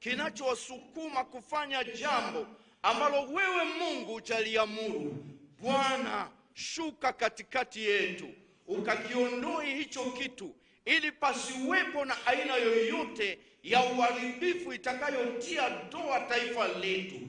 kinachowasukuma kufanya jambo ambalo wewe Mungu utaliamuru. Bwana, shuka katikati yetu ukakiondoe hicho kitu, ili pasiwepo na aina yoyote ya uharibifu itakayotia doa taifa letu.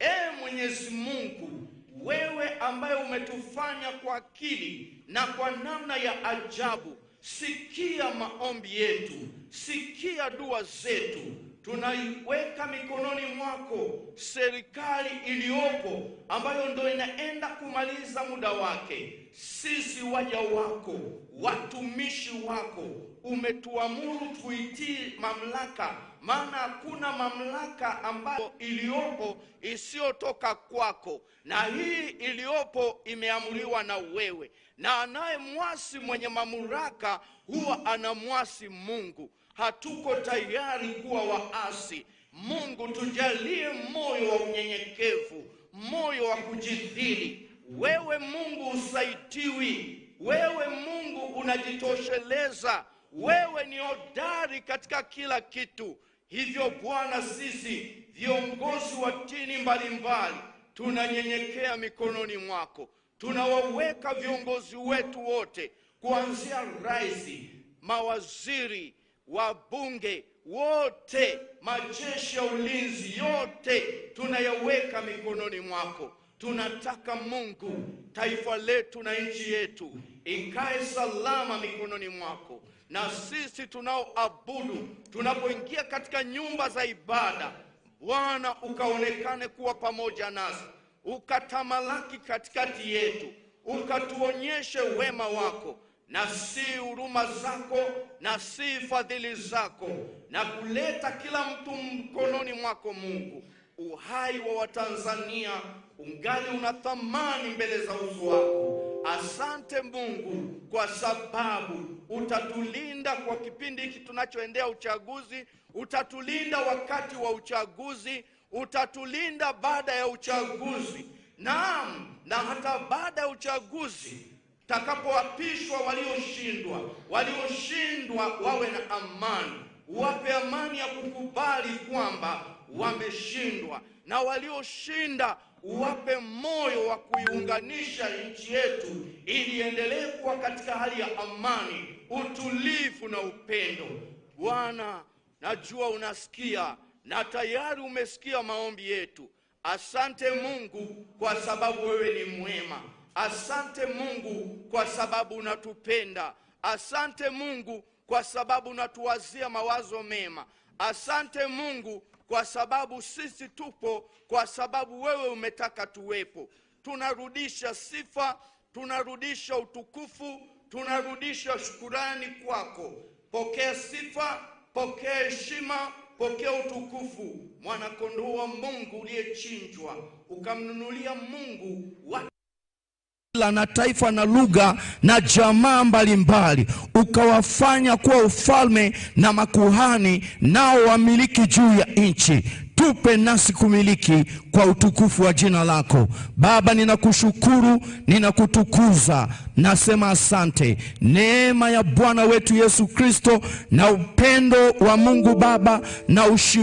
Ee Mwenyezi Mungu, wewe ambaye umetufanya kwa akili na kwa namna ya ajabu, sikia maombi yetu, sikia dua zetu tunaiweka mikononi mwako serikali iliyopo ambayo ndo inaenda kumaliza muda wake. Sisi waja wako, watumishi wako, umetuamuru tuitii mamlaka, maana hakuna mamlaka ambayo iliyopo isiyotoka kwako, na hii iliyopo imeamuliwa na wewe, na anayemwasi mwenye mamlaka huwa anamwasi Mungu hatuko tayari kuwa waasi. Mungu tujalie moyo wa unyenyekevu, moyo wa kujidhili. Wewe Mungu usaitiwi, wewe Mungu unajitosheleza, wewe ni hodari katika kila kitu. Hivyo Bwana, sisi viongozi wa dini mbalimbali tunanyenyekea mikononi mwako. Tunawaweka viongozi wetu wote, kuanzia rais, mawaziri wabunge wote, majeshi ya ulinzi yote tunayaweka mikononi mwako. Tunataka Mungu, taifa letu na nchi yetu ikae salama mikononi mwako. Na sisi tunaoabudu, tunapoingia katika nyumba za ibada, Bwana ukaonekane kuwa pamoja nasi, ukatamalaki katikati yetu, ukatuonyeshe wema wako na si huruma zako na si fadhili zako, na kuleta kila mtu mkononi mwako Mungu. Uhai wa Watanzania ungali una thamani mbele za uso wako. Asante Mungu kwa sababu utatulinda kwa kipindi hiki tunachoendea uchaguzi, utatulinda wakati wa uchaguzi, utatulinda baada ya uchaguzi, naam, na hata baada ya uchaguzi Takapoapishwa walioshindwa, walioshindwa wawe na amani, wape amani ya kukubali kwamba wameshindwa, na walioshinda wape moyo wa kuiunganisha nchi yetu ili iendelee kuwa katika hali ya amani, utulivu na upendo. Bwana, najua unasikia na tayari umesikia maombi yetu. Asante Mungu kwa sababu wewe ni mwema. Asante Mungu kwa sababu unatupenda. Asante Mungu kwa sababu unatuwazia mawazo mema. Asante Mungu kwa sababu sisi tupo, kwa sababu wewe umetaka tuwepo. Tunarudisha sifa, tunarudisha utukufu, tunarudisha shukurani kwako. Pokea sifa, pokea heshima, pokea utukufu, mwanakondoo wa Mungu uliyechinjwa ukamnunulia Mungu wa na taifa na lugha na jamaa mbalimbali, ukawafanya kuwa ufalme na makuhani, nao wamiliki juu ya nchi. Tupe nasi kumiliki kwa utukufu wa jina lako Baba. Ninakushukuru, ninakutukuza, nasema asante. Neema ya Bwana wetu Yesu Kristo na upendo wa Mungu Baba na ushi